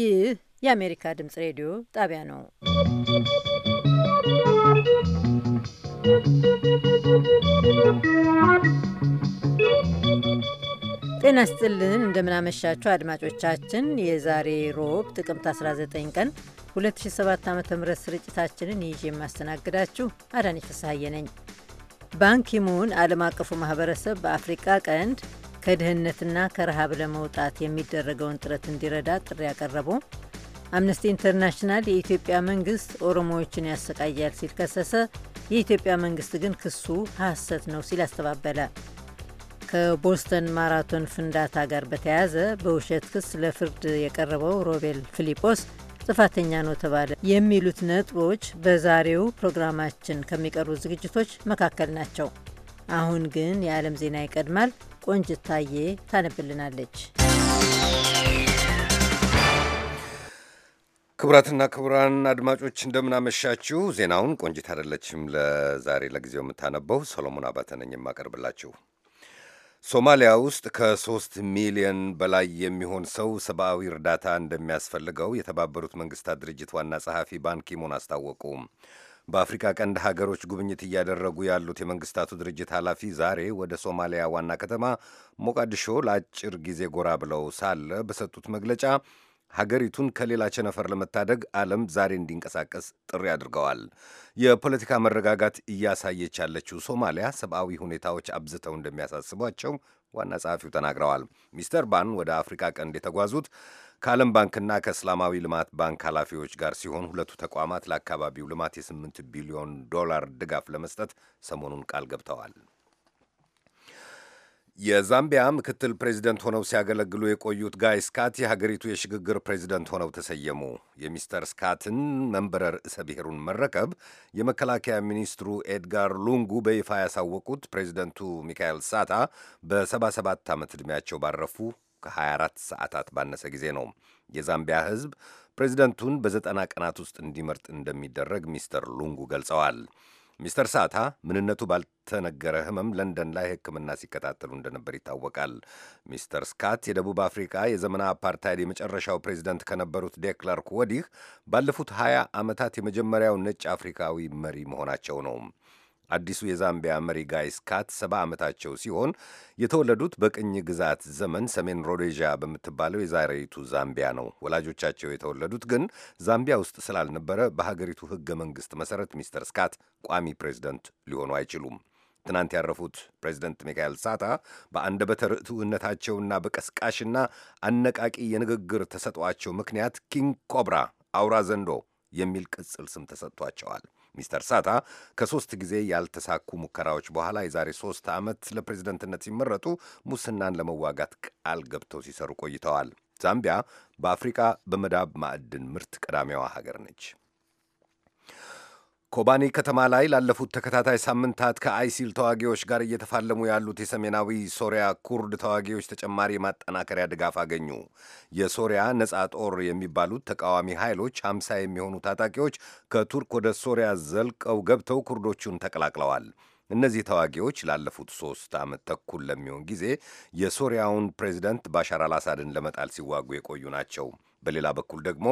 ይህ የአሜሪካ ድምጽ ሬዲዮ ጣቢያ ነው። ጤና ስጥልን፣ እንደምናመሻችሁ አድማጮቻችን። የዛሬ ሮብ ጥቅምት 19 ቀን 2007 ዓ ም ስርጭታችንን ይዤ የማስተናግዳችሁ አዳነች ፍስሐዬ ነኝ። ባንኪሙን ዓለም አቀፉ ማህበረሰብ በአፍሪቃ ቀንድ ከድህነትና ከረሃብ ለመውጣት የሚደረገውን ጥረት እንዲረዳ ጥሪ ያቀረቡ፣ አምነስቲ ኢንተርናሽናል የኢትዮጵያ መንግስት ኦሮሞዎችን ያሰቃያል ሲል ከሰሰ፣ የኢትዮጵያ መንግስት ግን ክሱ ሐሰት ነው ሲል አስተባበለ። ከቦስተን ማራቶን ፍንዳታ ጋር በተያያዘ በውሸት ክስ ለፍርድ የቀረበው ሮቤል ፊሊጶስ ጥፋተኛ ነው ተባለ የሚሉት ነጥቦች በዛሬው ፕሮግራማችን ከሚቀርቡት ዝግጅቶች መካከል ናቸው። አሁን ግን የዓለም ዜና ይቀድማል። ቆንጅታዬ ታነብልናለች። ክቡራትና ክቡራን አድማጮች እንደምናመሻችሁ። ዜናውን ቆንጅት አይደለችም ለዛሬ ለጊዜው የምታነበው ሰሎሞን አባተ ነኝ የማቀርብላችሁ። ሶማሊያ ውስጥ ከሶስት ሚሊዮን በላይ የሚሆን ሰው ሰብአዊ እርዳታ እንደሚያስፈልገው የተባበሩት መንግስታት ድርጅት ዋና ጸሐፊ ባንኪሙን አስታወቁ። በአፍሪካ ቀንድ ሀገሮች ጉብኝት እያደረጉ ያሉት የመንግስታቱ ድርጅት ኃላፊ ዛሬ ወደ ሶማሊያ ዋና ከተማ ሞቃዲሾ ለአጭር ጊዜ ጎራ ብለው ሳለ በሰጡት መግለጫ ሀገሪቱን ከሌላ ቸነፈር ለመታደግ ዓለም ዛሬ እንዲንቀሳቀስ ጥሪ አድርገዋል። የፖለቲካ መረጋጋት እያሳየች ያለችው ሶማሊያ ሰብአዊ ሁኔታዎች አብዝተው እንደሚያሳስቧቸው ዋና ጸሐፊው ተናግረዋል። ሚስተር ባን ወደ አፍሪካ ቀንድ የተጓዙት ከዓለም ባንክና ከእስላማዊ ልማት ባንክ ኃላፊዎች ጋር ሲሆን ሁለቱ ተቋማት ለአካባቢው ልማት የስምንት ቢሊዮን ዶላር ድጋፍ ለመስጠት ሰሞኑን ቃል ገብተዋል። የዛምቢያ ምክትል ፕሬዚደንት ሆነው ሲያገለግሉ የቆዩት ጋይ ስካት የሀገሪቱ የሽግግር ፕሬዚደንት ሆነው ተሰየሙ። የሚስተር ስካትን መንበረ ርዕሰ ብሔሩን መረከብ የመከላከያ ሚኒስትሩ ኤድጋር ሉንጉ በይፋ ያሳወቁት ፕሬዚደንቱ ሚካኤል ሳታ በ77 ዓመት ዕድሜያቸው ባረፉ ከ24 ሰዓታት ባነሰ ጊዜ ነው። የዛምቢያ ሕዝብ ፕሬዚደንቱን በዘጠና ቀናት ውስጥ እንዲመርጥ እንደሚደረግ ሚስተር ሉንጉ ገልጸዋል። ሚስተር ሳታ ምንነቱ ባልተነገረ ህመም ለንደን ላይ ሕክምና ሲከታተሉ እንደነበር ይታወቃል። ሚስተር ስካት የደቡብ አፍሪካ የዘመና አፓርታይድ የመጨረሻው ፕሬዚደንት ከነበሩት ዴክለርክ ወዲህ ባለፉት 20 ዓመታት የመጀመሪያው ነጭ አፍሪካዊ መሪ መሆናቸው ነው። አዲሱ የዛምቢያ መሪ ጋይ ስካት ሰባ ዓመታቸው ሲሆን የተወለዱት በቅኝ ግዛት ዘመን ሰሜን ሮዴዣ በምትባለው የዛሬይቱ ዛምቢያ ነው። ወላጆቻቸው የተወለዱት ግን ዛምቢያ ውስጥ ስላልነበረ በሀገሪቱ ሕገ መንግሥት መሠረት ሚስተር ስካት ቋሚ ፕሬዚደንት ሊሆኑ አይችሉም። ትናንት ያረፉት ፕሬዚደንት ሚካኤል ሳታ በአንደበተ ርቱዕነታቸውና በቀስቃሽና አነቃቂ የንግግር ተሰጧቸው ምክንያት ኪንግ ኮብራ አውራ ዘንዶ የሚል ቅጽል ስም ተሰጥቷቸዋል። ሚስተር ሳታ ከሶስት ጊዜ ያልተሳኩ ሙከራዎች በኋላ የዛሬ ሶስት ዓመት ለፕሬዝደንትነት ሲመረጡ ሙስናን ለመዋጋት ቃል ገብተው ሲሰሩ ቆይተዋል። ዛምቢያ በአፍሪቃ በመዳብ ማዕድን ምርት ቀዳሚዋ ሀገር ነች። ኮባኒ ከተማ ላይ ላለፉት ተከታታይ ሳምንታት ከአይሲል ተዋጊዎች ጋር እየተፋለሙ ያሉት የሰሜናዊ ሶሪያ ኩርድ ተዋጊዎች ተጨማሪ ማጠናከሪያ ድጋፍ አገኙ። የሶሪያ ነጻ ጦር የሚባሉት ተቃዋሚ ኃይሎች ሀምሳ የሚሆኑ ታጣቂዎች ከቱርክ ወደ ሶሪያ ዘልቀው ገብተው ኩርዶቹን ተቀላቅለዋል። እነዚህ ተዋጊዎች ላለፉት ሶስት ዓመት ተኩል ለሚሆን ጊዜ የሶሪያውን ፕሬዚደንት ባሻር አልአሳድን ለመጣል ሲዋጉ የቆዩ ናቸው። በሌላ በኩል ደግሞ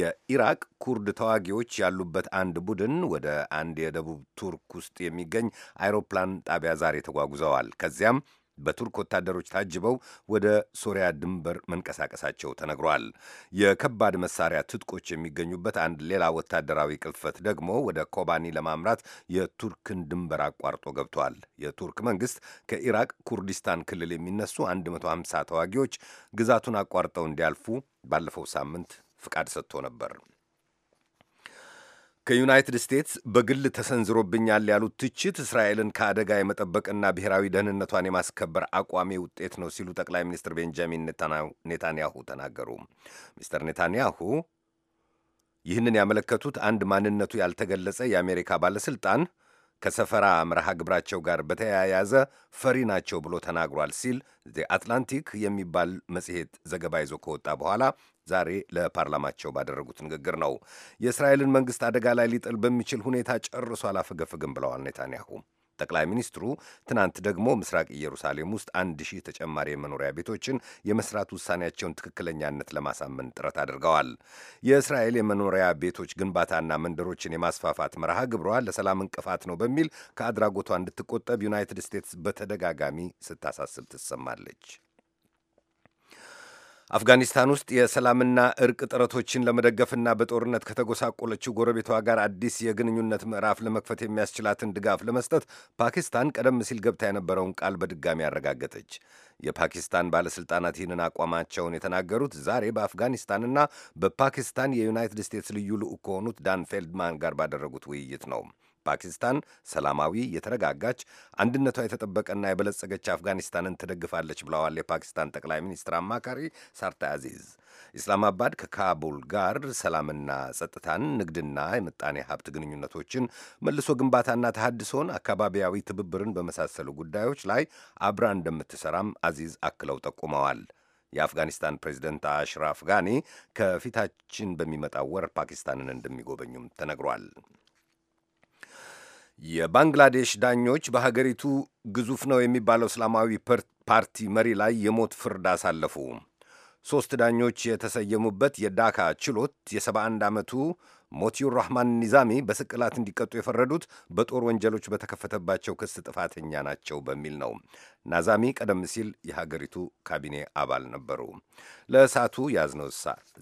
የኢራቅ ኩርድ ተዋጊዎች ያሉበት አንድ ቡድን ወደ አንድ የደቡብ ቱርክ ውስጥ የሚገኝ አይሮፕላን ጣቢያ ዛሬ ተጓጉዘዋል። ከዚያም በቱርክ ወታደሮች ታጅበው ወደ ሶሪያ ድንበር መንቀሳቀሳቸው ተነግሯል። የከባድ መሳሪያ ትጥቆች የሚገኙበት አንድ ሌላ ወታደራዊ ቅልፈት ደግሞ ወደ ኮባኒ ለማምራት የቱርክን ድንበር አቋርጦ ገብቷል። የቱርክ መንግስት ከኢራቅ ኩርዲስታን ክልል የሚነሱ 150 ተዋጊዎች ግዛቱን አቋርጠው እንዲያልፉ ባለፈው ሳምንት ፍቃድ ሰጥቶ ነበር። ከዩናይትድ ስቴትስ በግል ተሰንዝሮብኛል ያሉት ትችት እስራኤልን ከአደጋ የመጠበቅና ብሔራዊ ደህንነቷን የማስከበር አቋሜ ውጤት ነው ሲሉ ጠቅላይ ሚኒስትር ቤንጃሚን ኔታንያሁ ተናገሩ። ሚስተር ኔታንያሁ ይህንን ያመለከቱት አንድ ማንነቱ ያልተገለጸ የአሜሪካ ባለሥልጣን ከሰፈራ መርሃ ግብራቸው ጋር በተያያዘ ፈሪ ናቸው ብሎ ተናግሯል ሲል ዘ አትላንቲክ የሚባል መጽሔት ዘገባ ይዞ ከወጣ በኋላ ዛሬ ለፓርላማቸው ባደረጉት ንግግር ነው። የእስራኤልን መንግስት አደጋ ላይ ሊጥል በሚችል ሁኔታ ጨርሶ አላፈገፍግም ብለዋል ኔታንያሁ። ጠቅላይ ሚኒስትሩ ትናንት ደግሞ ምስራቅ ኢየሩሳሌም ውስጥ አንድ ሺህ ተጨማሪ የመኖሪያ ቤቶችን የመስራት ውሳኔያቸውን ትክክለኛነት ለማሳመን ጥረት አድርገዋል። የእስራኤል የመኖሪያ ቤቶች ግንባታና መንደሮችን የማስፋፋት መርሃ ግብሯ ለሰላም እንቅፋት ነው በሚል ከአድራጎቷ እንድትቆጠብ ዩናይትድ ስቴትስ በተደጋጋሚ ስታሳስብ ትሰማለች። አፍጋኒስታን ውስጥ የሰላምና እርቅ ጥረቶችን ለመደገፍና በጦርነት ከተጎሳቆለችው ጎረቤቷ ጋር አዲስ የግንኙነት ምዕራፍ ለመክፈት የሚያስችላትን ድጋፍ ለመስጠት ፓኪስታን ቀደም ሲል ገብታ የነበረውን ቃል በድጋሚ አረጋገጠች። የፓኪስታን ባለሥልጣናት ይህንን አቋማቸውን የተናገሩት ዛሬ በአፍጋኒስታንና በፓኪስታን የዩናይትድ ስቴትስ ልዩ ልዑክ ከሆኑት ዳን ፌልድማን ጋር ባደረጉት ውይይት ነው። ፓኪስታን ሰላማዊ የተረጋጋች አንድነቷ የተጠበቀና የበለጸገች አፍጋኒስታንን ትደግፋለች ብለዋል የፓኪስታን ጠቅላይ ሚኒስትር አማካሪ ሳርታ አዚዝ። ኢስላማባድ ከካቡል ጋር ሰላምና ጸጥታን፣ ንግድና የምጣኔ ሀብት ግንኙነቶችን፣ መልሶ ግንባታና ተሃድሶን፣ አካባቢያዊ ትብብርን በመሳሰሉ ጉዳዮች ላይ አብራ እንደምትሰራም አዚዝ አክለው ጠቁመዋል። የአፍጋኒስታን ፕሬዚደንት አሽራፍ ጋኒ ከፊታችን በሚመጣው ወር ፓኪስታንን እንደሚጎበኙም ተነግሯል። የባንግላዴሽ ዳኞች በሀገሪቱ ግዙፍ ነው የሚባለው እስላማዊ ፓርቲ መሪ ላይ የሞት ፍርድ አሳለፉ። ሦስት ዳኞች የተሰየሙበት የዳካ ችሎት የ71 ዓመቱ ሞቲዩር ራህማን ኒዛሚ በስቅላት እንዲቀጡ የፈረዱት በጦር ወንጀሎች በተከፈተባቸው ክስ ጥፋተኛ ናቸው በሚል ነው። ናዛሚ ቀደም ሲል የሀገሪቱ ካቢኔ አባል ነበሩ። ለሰዓቱ ያዝነው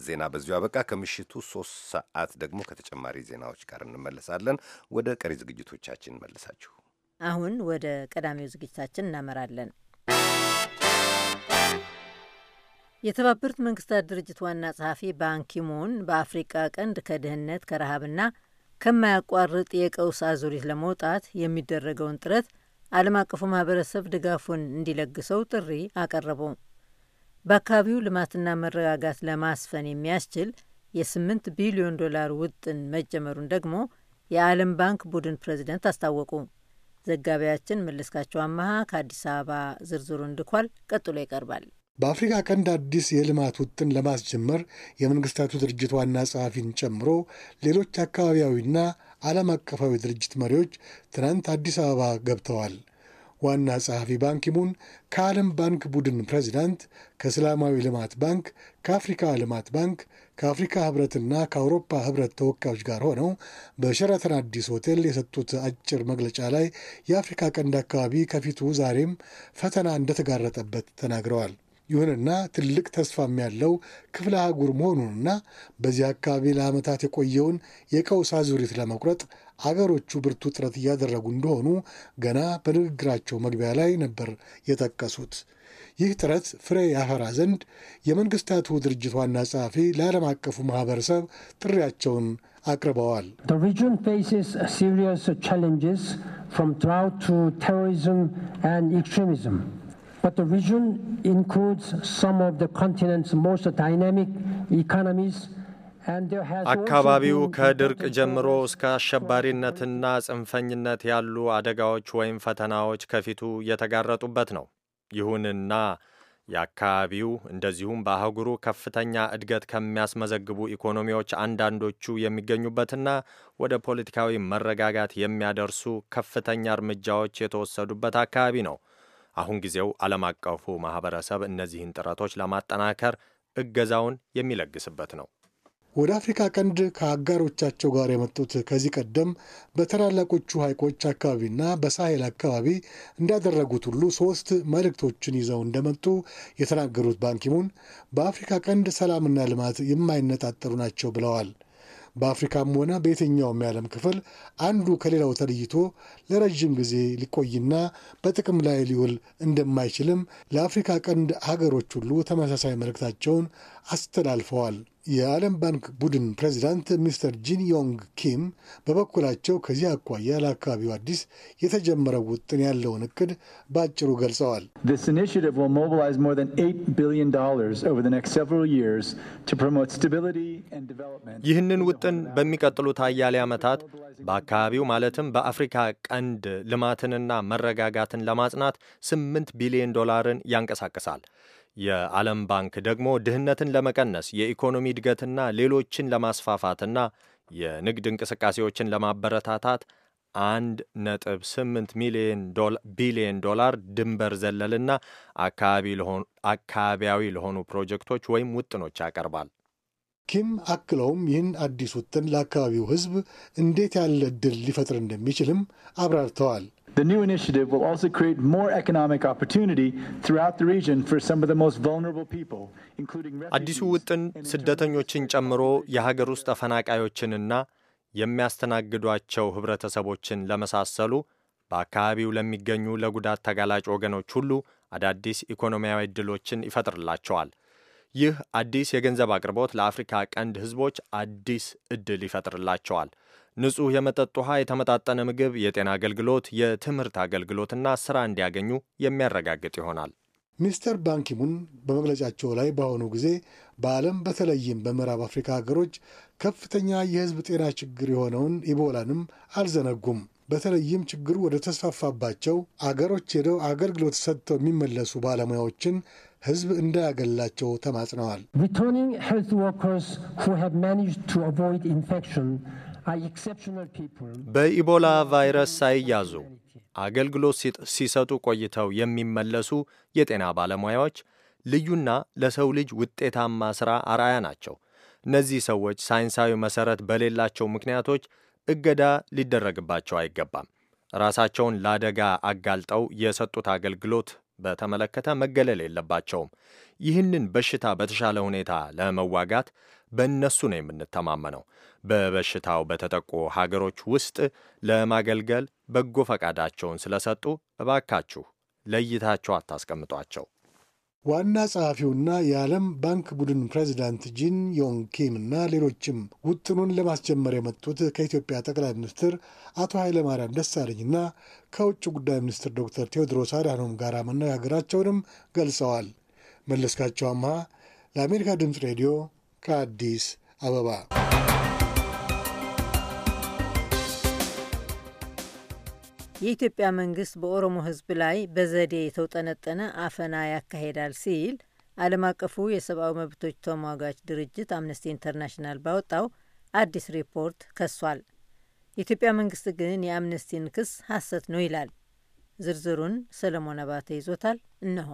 ዜና በዚሁ አበቃ። ከምሽቱ ሶስት ሰዓት ደግሞ ከተጨማሪ ዜናዎች ጋር እንመለሳለን። ወደ ቀሪ ዝግጅቶቻችን መልሳችሁ አሁን ወደ ቀዳሚው ዝግጅታችን እናመራለን። የተባበሩት መንግስታት ድርጅት ዋና ጸሐፊ ባንኪሙን በአፍሪቃ ቀንድ ከድህነት ከረሃብና ከማያቋርጥ የቀውስ አዙሪት ለመውጣት የሚደረገውን ጥረት ዓለም አቀፉ ማህበረሰብ ድጋፉን እንዲለግሰው ጥሪ አቀረቡ። በአካባቢው ልማትና መረጋጋት ለማስፈን የሚያስችል የስምንት ቢሊዮን ዶላር ውጥን መጀመሩን ደግሞ የዓለም ባንክ ቡድን ፕሬዚደንት አስታወቁ። ዘጋቢያችን መለስካቸው አመሃ ከአዲስ አበባ ዝርዝሩን ልኳል። ቀጥሎ ይቀርባል። በአፍሪካ ቀንድ አዲስ የልማት ውጥን ለማስጀመር የመንግስታቱ ድርጅት ዋና ጸሐፊን ጨምሮ ሌሎች አካባቢያዊና ዓለም አቀፋዊ ድርጅት መሪዎች ትናንት አዲስ አበባ ገብተዋል። ዋና ጸሐፊ ባንኪሙን ከዓለም ባንክ ቡድን ፕሬዚዳንት፣ ከእስላማዊ ልማት ባንክ፣ ከአፍሪካ ልማት ባንክ፣ ከአፍሪካ ህብረትና ከአውሮፓ ህብረት ተወካዮች ጋር ሆነው በሸራተን አዲስ ሆቴል የሰጡት አጭር መግለጫ ላይ የአፍሪካ ቀንድ አካባቢ ከፊቱ ዛሬም ፈተና እንደተጋረጠበት ተናግረዋል። ይሁንና ትልቅ ተስፋም ያለው ክፍለ አህጉር መሆኑንና በዚህ አካባቢ ለዓመታት የቆየውን የቀውስ አዙሪት ለመቁረጥ አገሮቹ ብርቱ ጥረት እያደረጉ እንደሆኑ ገና በንግግራቸው መግቢያ ላይ ነበር የጠቀሱት። ይህ ጥረት ፍሬ ያፈራ ዘንድ የመንግስታቱ ድርጅት ዋና ጸሐፊ ለዓለም አቀፉ ማህበረሰብ ጥሪያቸውን አቅርበዋል። ሪጅን But the region includes some of the continent's most dynamic economies. አካባቢው ከድርቅ ጀምሮ እስከ አሸባሪነትና ጽንፈኝነት ያሉ አደጋዎች ወይም ፈተናዎች ከፊቱ የተጋረጡበት ነው። ይሁንና የአካባቢው እንደዚሁም በአህጉሩ ከፍተኛ እድገት ከሚያስመዘግቡ ኢኮኖሚዎች አንዳንዶቹ የሚገኙበትና ወደ ፖለቲካዊ መረጋጋት የሚያደርሱ ከፍተኛ እርምጃዎች የተወሰዱበት አካባቢ ነው። አሁን ጊዜው ዓለም አቀፉ ማህበረሰብ እነዚህን ጥረቶች ለማጠናከር እገዛውን የሚለግስበት ነው። ወደ አፍሪካ ቀንድ ከአጋሮቻቸው ጋር የመጡት ከዚህ ቀደም በታላላቆቹ ሐይቆች አካባቢና በሳሄል አካባቢ እንዳደረጉት ሁሉ ሶስት መልእክቶችን ይዘው እንደመጡ የተናገሩት ባንኪሙን በአፍሪካ ቀንድ ሰላምና ልማት የማይነጣጠሩ ናቸው ብለዋል። በአፍሪካም ሆነ በየትኛውም የዓለም ክፍል አንዱ ከሌላው ተለይቶ ለረዥም ጊዜ ሊቆይና በጥቅም ላይ ሊውል እንደማይችልም ለአፍሪካ ቀንድ ሀገሮች ሁሉ ተመሳሳይ መልእክታቸውን አስተላልፈዋል። የዓለም ባንክ ቡድን ፕሬዚዳንት ሚስተር ጂን ዮንግ ኪም በበኩላቸው ከዚህ አኳያ ለአካባቢው አዲስ የተጀመረው ውጥን ያለውን እቅድ በአጭሩ ገልጸዋል። ይህንን ውጥን በሚቀጥሉት አያሌ ዓመታት በአካባቢው ማለትም በአፍሪካ ቀንድ ልማትንና መረጋጋትን ለማጽናት ስምንት ቢሊዮን ዶላርን ያንቀሳቅሳል። የዓለም ባንክ ደግሞ ድህነትን ለመቀነስ የኢኮኖሚ እድገትና ሌሎችን ለማስፋፋትና የንግድ እንቅስቃሴዎችን ለማበረታታት አንድ ነጥብ ሚሊዮን ቢሊዮን ዶላር ድንበር ዘለልና አካባቢያዊ ለሆኑ ፕሮጀክቶች ወይም ውጥኖች ያቀርባል። ኪም አክለውም ይህን አዲስ ውጥን ለአካባቢው ሕዝብ እንዴት ያለ እድል ሊፈጥር እንደሚችልም አብራርተዋል። The new initiative will also create more economic opportunity throughout the region for some of the most vulnerable people, including አዲሱ ውጥን ስደተኞችን ጨምሮ የሀገር ውስጥ ተፈናቃዮችንና የሚያስተናግዷቸው ህብረተሰቦችን ለመሳሰሉ በአካባቢው ለሚገኙ ለጉዳት ተጋላጭ ወገኖች ሁሉ አዳዲስ ኢኮኖሚያዊ እድሎችን ይፈጥርላቸዋል። ይህ አዲስ የገንዘብ አቅርቦት ለአፍሪካ ቀንድ ህዝቦች አዲስ እድል ይፈጥርላቸዋል። ንጹህ የመጠጥ ውሃ፣ የተመጣጠነ ምግብ፣ የጤና አገልግሎት፣ የትምህርት አገልግሎትና ስራ እንዲያገኙ የሚያረጋግጥ ይሆናል። ሚስተር ባንኪሙን በመግለጫቸው ላይ በአሁኑ ጊዜ በዓለም በተለይም በምዕራብ አፍሪካ ሀገሮች ከፍተኛ የህዝብ ጤና ችግር የሆነውን ኢቦላንም አልዘነጉም። በተለይም ችግሩ ወደ ተስፋፋባቸው አገሮች ሄደው አገልግሎት ሰጥተው የሚመለሱ ባለሙያዎችን ህዝብ እንዳያገላቸው ተማጽነዋል። በኢቦላ ቫይረስ ሳይያዙ አገልግሎት ሲሰጡ ቆይተው የሚመለሱ የጤና ባለሙያዎች ልዩና ለሰው ልጅ ውጤታማ ሥራ አርአያ ናቸው። እነዚህ ሰዎች ሳይንሳዊ መሠረት በሌላቸው ምክንያቶች እገዳ ሊደረግባቸው አይገባም። ራሳቸውን ለአደጋ አጋልጠው የሰጡት አገልግሎት በተመለከተ መገለል የለባቸውም። ይህንን በሽታ በተሻለ ሁኔታ ለመዋጋት በእነሱ ነው የምንተማመነው። በበሽታው በተጠቁ ሀገሮች ውስጥ ለማገልገል በጎ ፈቃዳቸውን ስለሰጡ እባካችሁ ለይታችሁ አታስቀምጧቸው። ዋና ጸሐፊውና የዓለም ባንክ ቡድን ፕሬዚዳንት ጂን ዮንግ ኪም እና ሌሎችም ውጥኑን ለማስጀመር የመጡት ከኢትዮጵያ ጠቅላይ ሚኒስትር አቶ ኃይለማርያም ደሳለኝና ከውጭ ጉዳይ ሚኒስትር ዶክተር ቴዎድሮስ አድሃኖም ጋር መነጋገራቸውንም ገልጸዋል። መለስካቸው አምሃ ለአሜሪካ ድምፅ ሬዲዮ ከአዲስ አበባ የኢትዮጵያ መንግስት በኦሮሞ ህዝብ ላይ በዘዴ የተውጠነጠነ አፈና ያካሄዳል ሲል ዓለም አቀፉ የሰብአዊ መብቶች ተሟጋች ድርጅት አምነስቲ ኢንተርናሽናል ባወጣው አዲስ ሪፖርት ከሷል። የኢትዮጵያ መንግስት ግን የአምነስቲን ክስ ሐሰት ነው ይላል። ዝርዝሩን ሰለሞን አባተ ይዞታል። እነሆ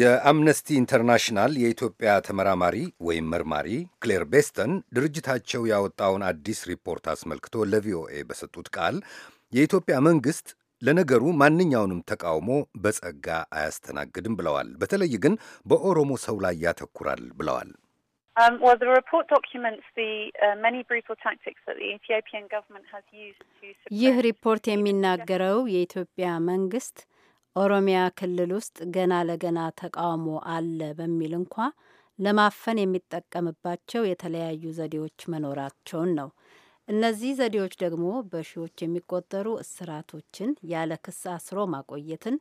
የአምነስቲ ኢንተርናሽናል የኢትዮጵያ ተመራማሪ ወይም መርማሪ ክሌር ቤስተን ድርጅታቸው ያወጣውን አዲስ ሪፖርት አስመልክቶ ለቪኦኤ በሰጡት ቃል የኢትዮጵያ መንግሥት ለነገሩ ማንኛውንም ተቃውሞ በጸጋ አያስተናግድም ብለዋል። በተለይ ግን በኦሮሞ ሰው ላይ ያተኩራል ብለዋል። um, uh, ይህ ሪፖርት የሚናገረው የኢትዮጵያ መንግስት ኦሮሚያ ክልል ውስጥ ገና ለገና ተቃውሞ አለ በሚል እንኳ ለማፈን የሚጠቀምባቸው የተለያዩ ዘዴዎች መኖራቸውን ነው። እነዚህ ዘዴዎች ደግሞ በሺዎች የሚቆጠሩ እስራቶችን፣ ያለ ክስ አስሮ ማቆየትን፣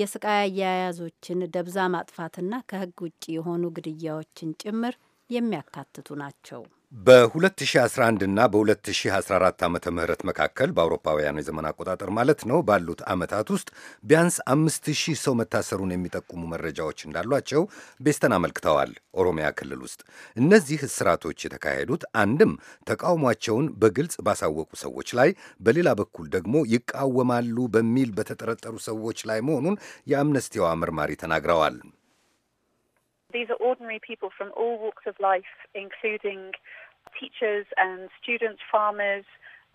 የስቃይ አያያዞችን፣ ደብዛ ማጥፋትና ከህግ ውጭ የሆኑ ግድያዎችን ጭምር የሚያካትቱ ናቸው። በ2011 እና በ2014 ዓመተ ምህረት መካከል በአውሮፓውያኑ የዘመን አቆጣጠር ማለት ነው ባሉት ዓመታት ውስጥ ቢያንስ አምስት ሺህ ሰው መታሰሩን የሚጠቁሙ መረጃዎች እንዳሏቸው ቤስተን አመልክተዋል። ኦሮሚያ ክልል ውስጥ እነዚህ እስራቶች የተካሄዱት አንድም ተቃውሟቸውን በግልጽ ባሳወቁ ሰዎች ላይ፣ በሌላ በኩል ደግሞ ይቃወማሉ በሚል በተጠረጠሩ ሰዎች ላይ መሆኑን የአምነስቲዋ መርማሪ ተናግረዋል።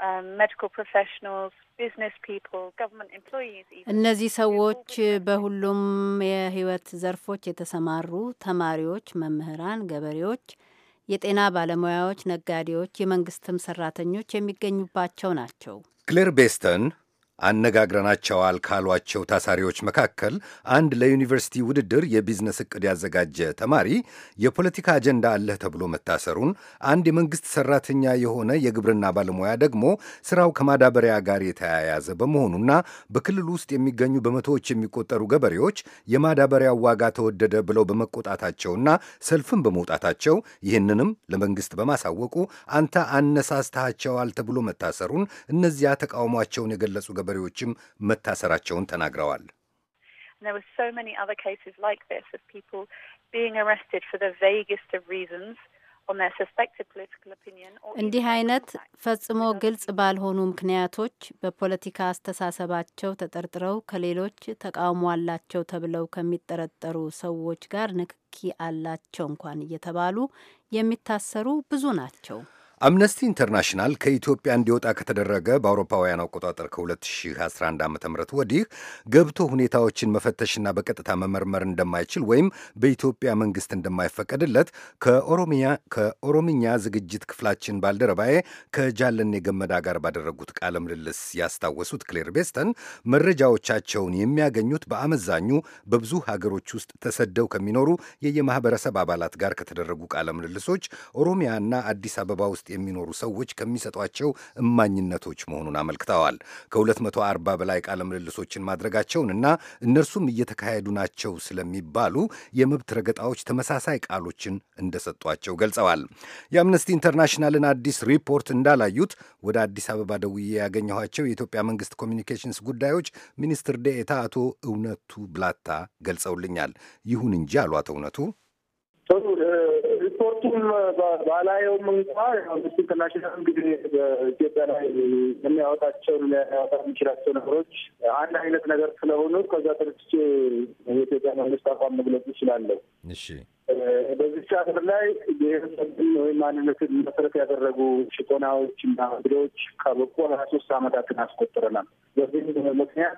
Um, እነዚህ ሰዎች በሁሉም የሕይወት ዘርፎች የተሰማሩ ተማሪዎች፣ መምህራን፣ ገበሬዎች፣ የጤና ባለሙያዎች፣ ነጋዴዎች፣ የመንግስትም ሰራተኞች የሚገኙባቸው ናቸው። ክሌር ቤስተን አነጋግረናቸዋል ካሏቸው ታሳሪዎች መካከል አንድ ለዩኒቨርሲቲ ውድድር የቢዝነስ እቅድ ያዘጋጀ ተማሪ የፖለቲካ አጀንዳ አለህ ተብሎ መታሰሩን፣ አንድ የመንግሥት ሠራተኛ የሆነ የግብርና ባለሙያ ደግሞ ሥራው ከማዳበሪያ ጋር የተያያዘ በመሆኑና በክልሉ ውስጥ የሚገኙ በመቶዎች የሚቆጠሩ ገበሬዎች የማዳበሪያው ዋጋ ተወደደ ብለው በመቆጣታቸውና ሰልፍን በመውጣታቸው ይህንንም ለመንግሥት በማሳወቁ አንተ አነሳስተሃቸዋል ተብሎ መታሰሩን እነዚያ ተቃውሟቸውን የገለጹ ገበሬዎችም መታሰራቸውን ተናግረዋል። እንዲህ አይነት ፈጽሞ ግልጽ ባልሆኑ ምክንያቶች በፖለቲካ አስተሳሰባቸው ተጠርጥረው ከሌሎች ተቃውሞ አላቸው ተብለው ከሚጠረጠሩ ሰዎች ጋር ንክኪ አላቸው እንኳን እየተባሉ የሚታሰሩ ብዙ ናቸው። አምነስቲ ኢንተርናሽናል ከኢትዮጵያ እንዲወጣ ከተደረገ በአውሮፓውያን አቆጣጠር ከ2011 ዓ ም ወዲህ ገብቶ ሁኔታዎችን መፈተሽና በቀጥታ መመርመር እንደማይችል ወይም በኢትዮጵያ መንግስት እንደማይፈቀድለት ከኦሮምኛ ዝግጅት ክፍላችን ባልደረባዬ ከጃለኔ ገመዳ ጋር ባደረጉት ቃለ ምልልስ ያስታወሱት ክሌር ቤስተን መረጃዎቻቸውን የሚያገኙት በአመዛኙ በብዙ ሀገሮች ውስጥ ተሰደው ከሚኖሩ የየማህበረሰብ አባላት ጋር ከተደረጉ ቃለ ምልልሶች ኦሮሚያና አዲስ አበባ ውስጥ ውስጥ የሚኖሩ ሰዎች ከሚሰጧቸው እማኝነቶች መሆኑን አመልክተዋል። ከ240 በላይ ቃለ ምልልሶችን እና እነርሱም እየተካሄዱ ናቸው ስለሚባሉ የመብት ረገጣዎች ተመሳሳይ ቃሎችን እንደሰጧቸው ገልጸዋል። የአምነስቲ ኢንተርናሽናልን አዲስ ሪፖርት እንዳላዩት ወደ አዲስ አበባ ደውዬ ያገኘኋቸው የኢትዮጵያ መንግስት ኮሚኒኬሽንስ ጉዳዮች ሚኒስትር ደኤታ አቶ እውነቱ ብላታ ገልጸውልኛል። ይሁን እንጂ አሏት እውነቱ እሱም ባላየውም እንኳ ምስ ኢንተርናሽናል እንግዲህ በኢትዮጵያ ላይ የሚያወጣቸውን ሊያወጣ የሚችላቸው ነገሮች አንድ አይነት ነገር ስለሆኑ ከዛ ተነስቼ የኢትዮጵያ መንግስት አቋም መግለጽ ይችላለሁ። እሺ በዚች አገር ላይ ብሔረሰብን ወይም ማንነትን መሰረት ያደረጉ ሽቆናዎች እና ግዳዎች ካበቁ ሀያ ሶስት አመታትን አስቆጥረናል። በዚህም ምክንያት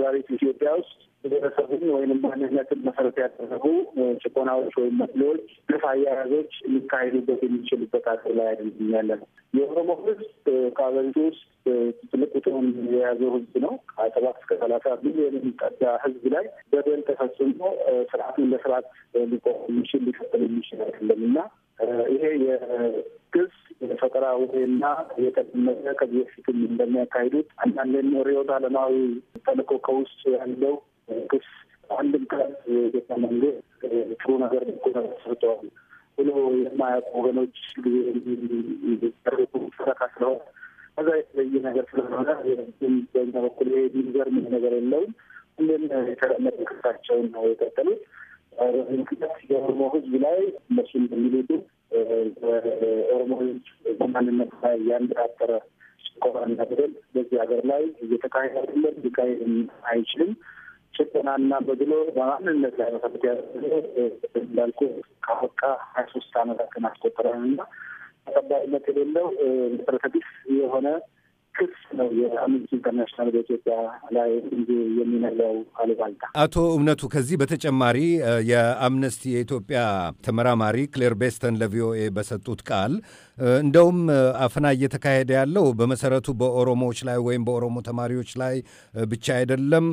ዛሬ ኢትዮጵያ ውስጥ ብሔረሰብን ወይም ማንነትን መሰረት ያደረጉ ጭቆናዎች ወይም መድሎዎች፣ ግፍ አያያዞች የሚካሄዱበት የሚችሉበት አገር ላይ አይደለም ያለ ነው። የኦሮሞ ሕዝብ ከሀገሪቱ ውስጥ ትልቅ ቁጥሩን የያዘ ህዝብ ነው። ከሰባት እስከ ሰላሳ ሚሊዮን የሚጠጋ ህዝብ ላይ በደል ተፈጽሞ ስርዓትን ለስርዓት ሊቆም የሚችል ሊቀጥል የሚችል አይደለም እና ይሄ የግብጽ የፈጠራ ወሬና የተደመጠ ከዚህ በፊትም እንደሚያካሂዱት አንዳንድ ሪዮት አለማዊ ተልዕኮ ከውስጥ ያለው ግስ አንድም ቀን የኢትዮጵያ መንግስት ጥሩ ነገር ደጎ ነገር ሰርተዋል ብሎ የማያውቁ ወገኖች ጊዜ ሰረካ ስለሆነ ከዛ የተለየ ነገር ስለሆነ በኛ በኩል የሚገርም ነገር የለውም። ሁሌም የተለመደ ክሳቸውን ነው የቀጠሉት። ምክንያት የኦሮሞ ህዝብ ላይ እነሱ እንደሚሉት ኦሮሞ ህዝብ በማንነት ላይ ያነጣጠረ ጭቆናና በደል በዚህ ሀገር ላይ እየተካሄደ አይደለም፣ ሊካሄድ አይችልም። ጭቆናና በድሎ በማንነት ላይ መሰረት ያደረገ እንዳልኩ ከበቃ ሀያ ሶስት አመታትን አስቆጠረንና ተቀባይነት የሌለው መሰረተ ቢስ የሆነ ክስ ነው የአምነስቲ ኢንተርናሽናል በኢትዮጵያ ላይ እንጂ የሚነለው አሉባልታ። አቶ እምነቱ ከዚህ በተጨማሪ የአምነስቲ የኢትዮጵያ ተመራማሪ ክሌር ቤስተን ለቪኦኤ በሰጡት ቃል እንደውም አፈና እየተካሄደ ያለው በመሰረቱ በኦሮሞዎች ላይ ወይም በኦሮሞ ተማሪዎች ላይ ብቻ አይደለም፣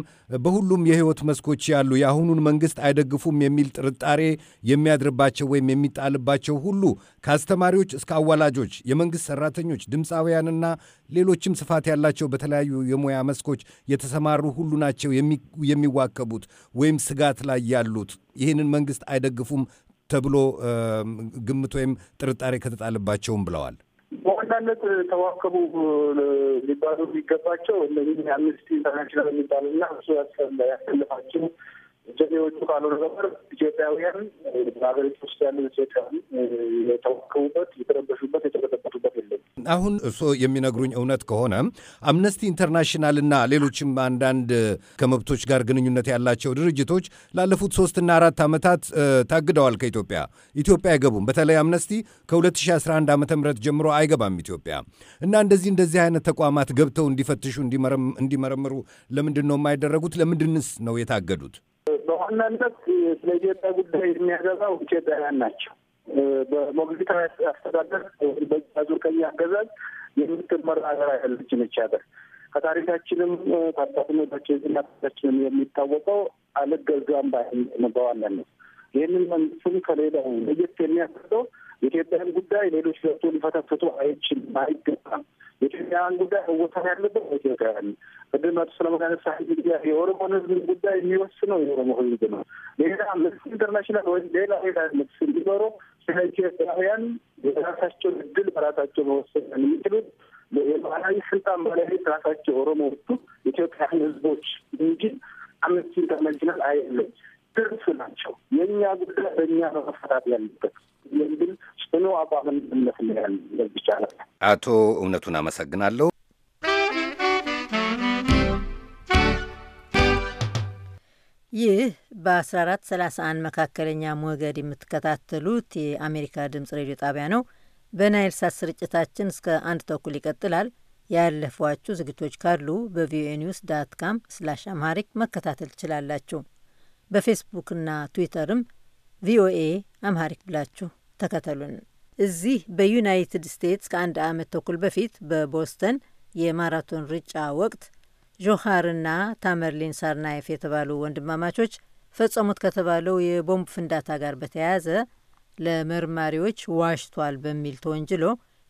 በሁሉም የህይወት መስኮች ያሉ የአሁኑን መንግስት አይደግፉም የሚል ጥርጣሬ የሚያድርባቸው ወይም የሚጣልባቸው ሁሉ ከአስተማሪዎች እስከ አዋላጆች፣ የመንግስት ሰራተኞች፣ ድምፃውያንና ሌሎች ሌሎችም ስፋት ያላቸው በተለያዩ የሙያ መስኮች የተሰማሩ ሁሉ ናቸው የሚዋከቡት ወይም ስጋት ላይ ያሉት። ይህንን መንግስት አይደግፉም ተብሎ ግምት ወይም ጥርጣሬ ከተጣለባቸውም ብለዋል። በዋናነት ተዋከቡ ሊባሉ የሚገባቸው እነዚህ አምነስቲ ኢንተርናሽናል የሚባሉና እሱ ያሰለፋቸው ዘዴዎቹ ካልሆነ ነበር ኢትዮጵያውያን በሀገሪቱ ውስጥ ያሉ ኢትዮጵያውያን የተወከቡበት፣ የተረበሹበት፣ የተበጠበጡበት የለም። አሁን እርስዎ የሚነግሩኝ እውነት ከሆነ አምነስቲ ኢንተርናሽናልና ሌሎችም አንዳንድ ከመብቶች ጋር ግንኙነት ያላቸው ድርጅቶች ላለፉት ሶስትና አራት ዓመታት ታግደዋል ከኢትዮጵያ ኢትዮጵያ አይገቡም። በተለይ አምነስቲ ከ2011 ዓ ም ጀምሮ አይገባም ኢትዮጵያ እና እንደዚህ እንደዚህ አይነት ተቋማት ገብተው እንዲፈትሹ እንዲመረምሩ ለምንድን ነው የማይደረጉት? ለምንድንስ ነው የታገዱት? በዋናነት ስለ ኢትዮጵያ ጉዳይ የሚያገባው ኢትዮጵያውያን ናቸው። በሞግዚታዊ አስተዳደር በዙር ቀኝ አገዛዝ የምትመራ ሀገር አይደለችም ነች ሀገር። ከታሪካችንም ከአባቶቻችን እናቶቻችንም የሚታወቀው አልገዛም ባይ በዋናነት ይህንን መንግስትም ከሌላው ለየት የሚያደርገው የኢትዮጵያን ጉዳይ ሌሎች ገብቶ ሊፈተፍቱ አይችልም፣ አይገባም። የኢትዮጵያን ጉዳይ መወሰን ያለበት ኢትዮጵያውያን ቅድም አቶ ሰለሞን ያነሳ የኦሮሞን ሕዝብ ጉዳይ የሚወስነው የኦሮሞ ሕዝብ ነው። ሌላ ምስ ኢንተርናሽናል ወይም ሌላ ሌላ ምስ እንዲኖረው ስለ ኢትዮጵያውያን የራሳቸውን እድል በራሳቸው መወሰን የሚችሉት የባህላዊ ስልጣን ባለቤት ራሳቸው ኦሮሞዎቹ ኢትዮጵያን ሕዝቦች እንጂ አምነስቲ ኢንተርናሽናል አይለም። ትርፍ ናቸው። የእኛ ጉዳይ በእኛ ነው መፈታት ያለበት። ጽኑ አቋም እንድንመስለያል ይቻላል። አቶ እውነቱን አመሰግናለሁ። ይህ በ1431 መካከለኛ ሞገድ የምትከታተሉት የአሜሪካ ድምጽ ሬዲዮ ጣቢያ ነው። በናይል ሳት ስርጭታችን እስከ አንድ ተኩል ይቀጥላል። ያለፏችሁ ዝግጅቶች ካሉ በቪኦኤ ኒውስ ዳት ካም ስላሽ አምሃሪክ መከታተል ትችላላችሁ። በፌስቡክና ትዊተርም ቪኦኤ አምሃሪክ ብላችሁ ተከተሉን። እዚህ በዩናይትድ ስቴትስ ከአንድ ዓመት ተኩል በፊት በቦስተን የማራቶን ሩጫ ወቅት ጆሃርና ታመርሊን ሳርናይፍ የተባሉ ወንድማማቾች ፈጸሙት ከተባለው የቦምብ ፍንዳታ ጋር በተያያዘ ለመርማሪዎች ዋሽቷል በሚል ተወንጅሎ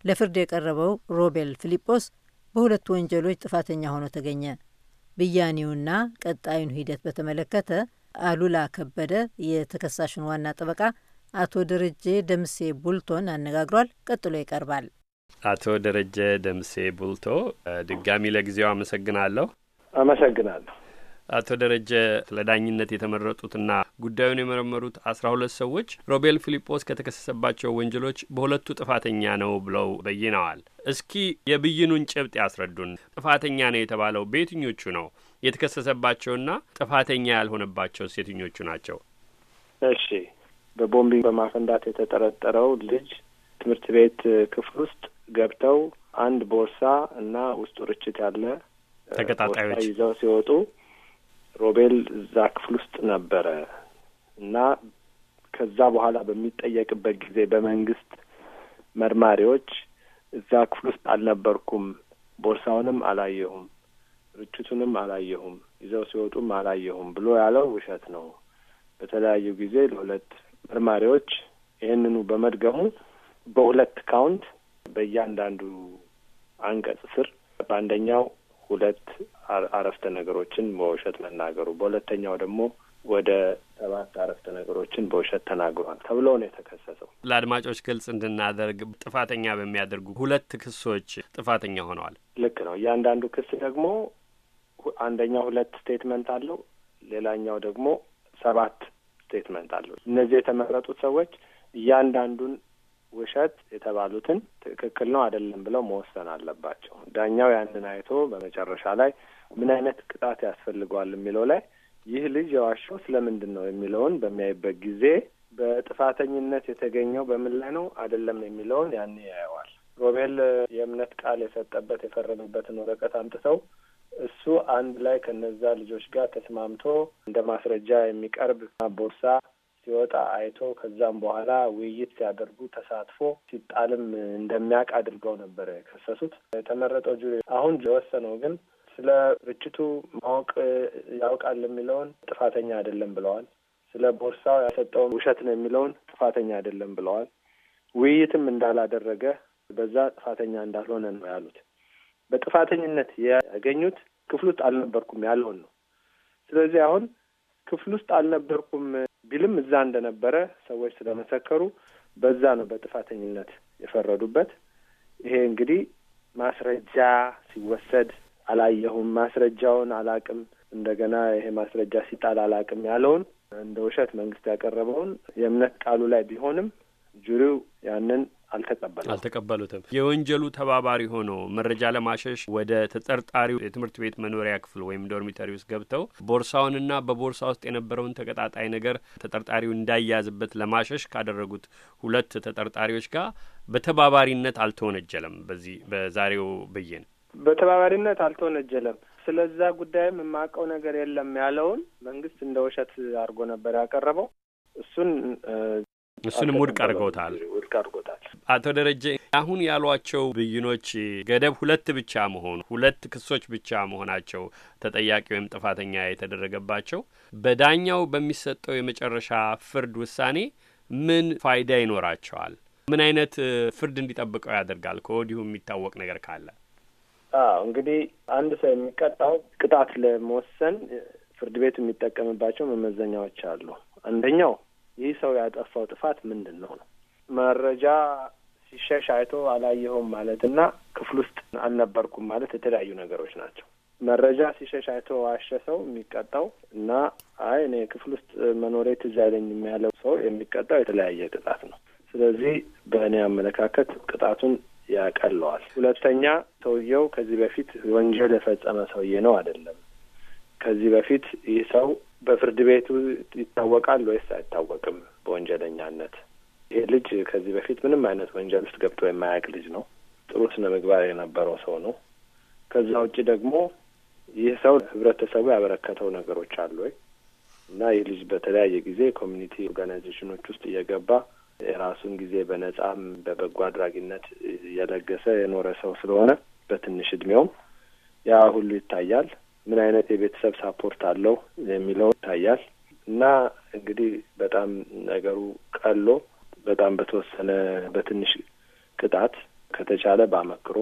ለፍርድ የቀረበው ሮቤል ፊሊጶስ በሁለቱ ወንጀሎች ጥፋተኛ ሆኖ ተገኘ። ብያኔውና ቀጣዩን ሂደት በተመለከተ አሉላ ከበደ የተከሳሹን ዋና ጠበቃ አቶ ደረጀ ደምሴ ቡልቶን አነጋግሯል። ቀጥሎ ይቀርባል። አቶ ደረጀ ደምሴ ቡልቶ ድጋሚ ለጊዜው አመሰግናለሁ። አመሰግናለሁ። አቶ ደረጀ ለዳኝነት የተመረጡትና ጉዳዩን የመረመሩት አስራ ሁለት ሰዎች ሮቤል ፊሊጶስ ከተከሰሰባቸው ወንጀሎች በሁለቱ ጥፋተኛ ነው ብለው በይነዋል። እስኪ የብይኑን ጭብጥ ያስረዱን። ጥፋተኛ ነው የተባለው በየትኞቹ ነው? የተከሰሰባቸውና ጥፋተኛ ያልሆነባቸው ሴትኞቹ ናቸው? እሺ በቦምቢንግ በማፈንዳት የተጠረጠረው ልጅ ትምህርት ቤት ክፍል ውስጥ ገብተው አንድ ቦርሳ እና ውስጡ ርችት ያለ ተቀጣጣዮች ይዘው ሲወጡ ሮቤል እዛ ክፍል ውስጥ ነበረ እና ከዛ በኋላ በሚጠየቅበት ጊዜ በመንግስት መርማሪዎች እዛ ክፍል ውስጥ አልነበርኩም፣ ቦርሳውንም አላየሁም፣ ርችቱንም አላየሁም፣ ይዘው ሲወጡም አላየሁም ብሎ ያለው ውሸት ነው። በተለያዩ ጊዜ ለሁለት መርማሪዎች ይህንኑ በመድገሙ በሁለት ካውንት በእያንዳንዱ አንቀጽ ስር በአንደኛው ሁለት አረፍተ ነገሮችን በውሸት መናገሩ በሁለተኛው ደግሞ ወደ ሰባት አረፍተ ነገሮችን በውሸት ተናግሯል ተብሎ ነው የተከሰሰው። ለአድማጮች ግልጽ እንድናደርግ ጥፋተኛ በሚያደርጉ ሁለት ክሶች ጥፋተኛ ሆነዋል። ልክ ነው። እያንዳንዱ ክስ ደግሞ አንደኛው ሁለት ስቴትመንት አለው፣ ሌላኛው ደግሞ ሰባት ስቴትመንት አለው። እነዚህ የተመረጡት ሰዎች እያንዳንዱን ውሸት የተባሉትን ትክክል ነው አይደለም ብለው መወሰን አለባቸው። ዳኛው ያንን አይቶ በመጨረሻ ላይ ምን አይነት ቅጣት ያስፈልገዋል የሚለው ላይ ይህ ልጅ የዋሸው ስለምንድን ነው የሚለውን በሚያይበት ጊዜ በጥፋተኝነት የተገኘው በምን ላይ ነው አይደለም የሚለውን ያን ያየዋል። ሮቤል የእምነት ቃል የሰጠበት የፈረመበትን ወረቀት አምጥተው እሱ አንድ ላይ ከነዛ ልጆች ጋር ተስማምቶ እንደ ማስረጃ የሚቀርብ ቦርሳ ሲወጣ አይቶ ከዛም በኋላ ውይይት ሲያደርጉ ተሳትፎ ሲጣልም እንደሚያውቅ አድርገው ነበር የከሰሱት የተመረጠው ጁሪ። አሁን የወሰነው ግን ስለ ርችቱ ማወቅ ያውቃል የሚለውን ጥፋተኛ አይደለም ብለዋል። ስለ ቦርሳው ያሰጠውን ውሸት ነው የሚለውን ጥፋተኛ አይደለም ብለዋል። ውይይትም እንዳላደረገ በዛ ጥፋተኛ እንዳልሆነ ነው ያሉት። በጥፋተኝነት ያገኙት ክፍል ውስጥ አልነበርኩም ያለውን ነው። ስለዚህ አሁን ክፍል ውስጥ አልነበርኩም ቢልም እዛ እንደነበረ ሰዎች ስለመሰከሩ በዛ ነው በጥፋተኝነት የፈረዱበት። ይሄ እንግዲህ ማስረጃ ሲወሰድ አላየሁም፣ ማስረጃውን አላቅም፣ እንደገና ይሄ ማስረጃ ሲጣል አላቅም ያለውን እንደ ውሸት መንግስት ያቀረበውን የእምነት ቃሉ ላይ ቢሆንም ጁሪው ያንን አልተቀበለ አልተቀበሉትም። የወንጀሉ ተባባሪ ሆኖ መረጃ ለማሸሽ ወደ ተጠርጣሪው የትምህርት ቤት መኖሪያ ክፍል ወይም ዶርሚተሪ ውስጥ ገብተው ቦርሳውንና በቦርሳ ውስጥ የነበረውን ተቀጣጣይ ነገር ተጠርጣሪው እንዳያዝበት ለማሸሽ ካደረጉት ሁለት ተጠርጣሪዎች ጋር በተባባሪነት አልተወነጀለም። በዚህ በዛሬው ብይን በተባባሪነት አልተወነጀለም። ስለዛ ጉዳይም የማውቀው ነገር የለም ያለውን መንግስት እንደ ውሸት አድርጎ ነበር ያቀረበው። እሱን እሱንም ውድቅ አድርገውታል ውድቅ አድርጎታል። አቶ ደረጀ አሁን ያሏቸው ብይኖች ገደብ ሁለት ብቻ መሆኑ ሁለት ክሶች ብቻ መሆናቸው ተጠያቂ ወይም ጥፋተኛ የተደረገባቸው በዳኛው በሚሰጠው የመጨረሻ ፍርድ ውሳኔ ምን ፋይዳ ይኖራቸዋል? ምን አይነት ፍርድ እንዲጠብቀው ያደርጋል? ከወዲሁ የሚታወቅ ነገር ካለ አዎ እንግዲህ አንድ ሰው የሚቀጣው ቅጣት ለመወሰን ፍርድ ቤቱ የሚጠቀምባቸው መመዘኛዎች አሉ። አንደኛው ይህ ሰው ያጠፋው ጥፋት ምንድን ነው ነው መረጃ ሲሸሽ አይቶ አላየሁም ማለት ክፍል ውስጥ አልነበርኩም ማለት የተለያዩ ነገሮች ናቸው። መረጃ ሲሸሽ አይቶ ዋሸ ሰው የሚቀጣው እና አይ እኔ ክፍል ውስጥ መኖሬ ትዝ አይለኝም ያለው ሰው የሚቀጣው የተለያየ ቅጣት ነው። ስለዚህ በእኔ አመለካከት ቅጣቱን ያቀለዋል። ሁለተኛ ሰውየው ከዚህ በፊት ወንጀል የፈጸመ ሰውዬ ነው አይደለም። ከዚህ በፊት ይህ ሰው በፍርድ ቤቱ ይታወቃል ወይስ አይታወቅም? በወንጀለኛነት ይህ ልጅ ከዚህ በፊት ምንም አይነት ወንጀል ውስጥ ገብቶ የማያውቅ ልጅ ነው። ጥሩ ስነ ምግባር የነበረው ሰው ነው። ከዛ ውጭ ደግሞ ይህ ሰው ህብረተሰቡ ያበረከተው ነገሮች አሉ ወይ እና ይህ ልጅ በተለያየ ጊዜ ኮሚኒቲ ኦርጋናይዜሽኖች ውስጥ እየገባ የራሱን ጊዜ በነጻም በበጎ አድራጊነት እየለገሰ የኖረ ሰው ስለሆነ በትንሽ እድሜውም ያ ሁሉ ይታያል። ምን አይነት የቤተሰብ ሳፖርት አለው የሚለው ይታያል እና እንግዲህ በጣም ነገሩ ቀሎ በጣም በተወሰነ በትንሽ ቅጣት ከተቻለ በአመክሮ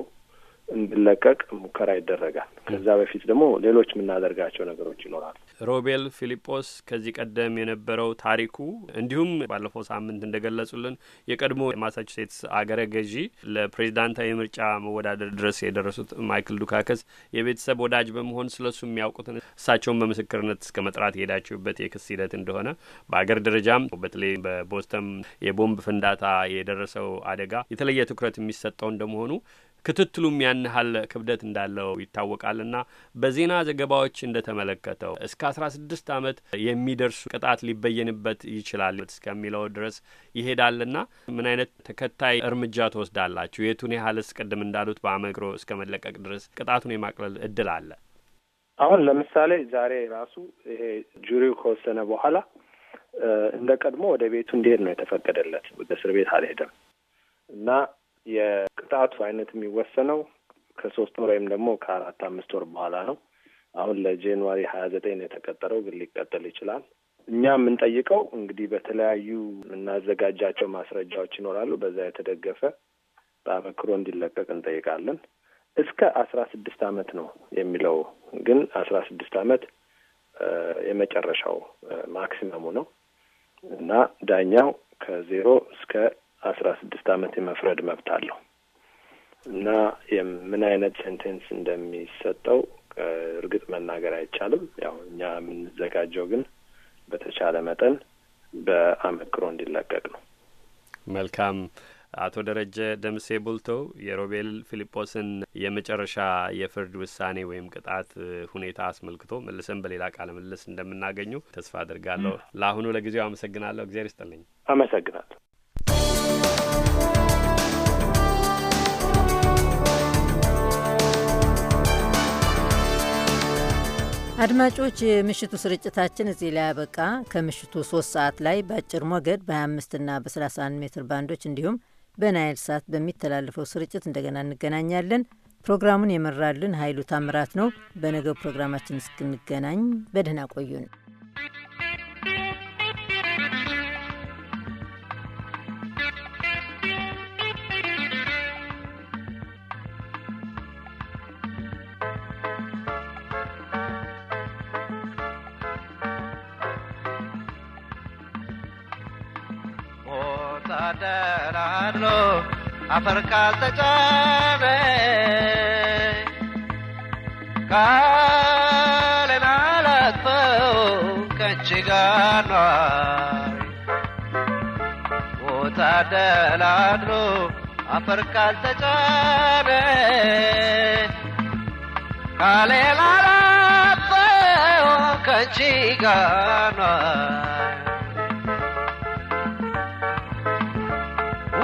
እንድለቀቅ ሙከራ ይደረጋል። ከዛ በፊት ደግሞ ሌሎች የምናደርጋቸው ነገሮች ይኖራሉ። ሮቤል ፊሊጶስ ከዚህ ቀደም የነበረው ታሪኩ እንዲሁም ባለፈው ሳምንት እንደገለጹልን የቀድሞ የማሳቹሴትስ አገረ ገዢ ለፕሬዚዳንታዊ ምርጫ መወዳደር ድረስ የደረሱት ማይክል ዱካከስ የቤተሰብ ወዳጅ በመሆን ስለሱ የሚያውቁትን እሳቸውን በምስክርነት እስከ መጥራት የሄዳችሁበት የክስ ሂደት እንደሆነ በአገር ደረጃም በተለይ በቦስተን የቦምብ ፍንዳታ የደረሰው አደጋ የተለየ ትኩረት የሚሰጠው እንደመሆኑ ክትትሉም ያን ክብደት እንዳለው ይታወቃልና በዜና ዘገባዎች እንደተመለከተው እስከ አስራ ስድስት ዓመት የሚደርሱ ቅጣት ሊበየንበት ይችላል እስከሚለው ድረስ ይሄዳልና ምን አይነት ተከታይ እርምጃ ትወስዳላችሁ? የቱን ያህልስ ቅድም እንዳሉት በአመክሮ እስከ መለቀቅ ድረስ ቅጣቱን የማቅለል እድል አለ? አሁን ለምሳሌ ዛሬ ራሱ ይሄ ጁሪው ከወሰነ በኋላ እንደ ቀድሞ ወደ ቤቱ እንዲሄድ ነው የተፈቀደለት። ወደ እስር ቤት አልሄደም እና የቅጣቱ አይነት የሚወሰነው ከሶስት ወር ወይም ደግሞ ከአራት አምስት ወር በኋላ ነው። አሁን ለጃንዋሪ ሀያ ዘጠኝ ነው የተቀጠረው፣ ግን ሊቀጠል ይችላል። እኛ የምንጠይቀው እንግዲህ በተለያዩ የምናዘጋጃቸው ማስረጃዎች ይኖራሉ። በዛ የተደገፈ በአመክሮ እንዲለቀቅ እንጠይቃለን። እስከ አስራ ስድስት አመት ነው የሚለው ግን አስራ ስድስት አመት የመጨረሻው ማክሲመሙ ነው እና ዳኛው ከዜሮ እስከ አስራ ስድስት አመት የመፍረድ መብት አለው እና ምን አይነት ሴንቴንስ እንደሚሰጠው እርግጥ መናገር አይቻልም። ያው እኛ የምንዘጋጀው ግን በተቻለ መጠን በአመክሮ እንዲለቀቅ ነው። መልካም። አቶ ደረጀ ደምሴ ቡልቶ የሮቤል ፊልጶስን የመጨረሻ የፍርድ ውሳኔ ወይም ቅጣት ሁኔታ አስመልክቶ መልሰን በሌላ ቃለ ምልልስ እንደምናገኙ ተስፋ አድርጋለሁ። ለአሁኑ ለጊዜው አመሰግናለሁ። እግዚአብሔር ይስጥልኝ። አመሰግናለሁ። አድማጮች የምሽቱ ስርጭታችን እዚህ ላይ ያበቃ። ከምሽቱ ሶስት ሰዓት ላይ በአጭር ሞገድ በ25 ና በ31 ሜትር ባንዶች እንዲሁም በናይል ሳት በሚተላለፈው ስርጭት እንደገና እንገናኛለን። ፕሮግራሙን የመራልን ኃይሉ ታምራት ነው። በነገው ፕሮግራማችን እስክንገናኝ በደህና ቆዩን። አደራሎ አፈር ካልተጫረ ቃሌን አላጥፈው ከንቺ ጋር ኗሪ ቦታ ደላድሮ አፈር ካልተጫረ ቃሌን አላጥፈው ከንቺ ጋር ኗሪ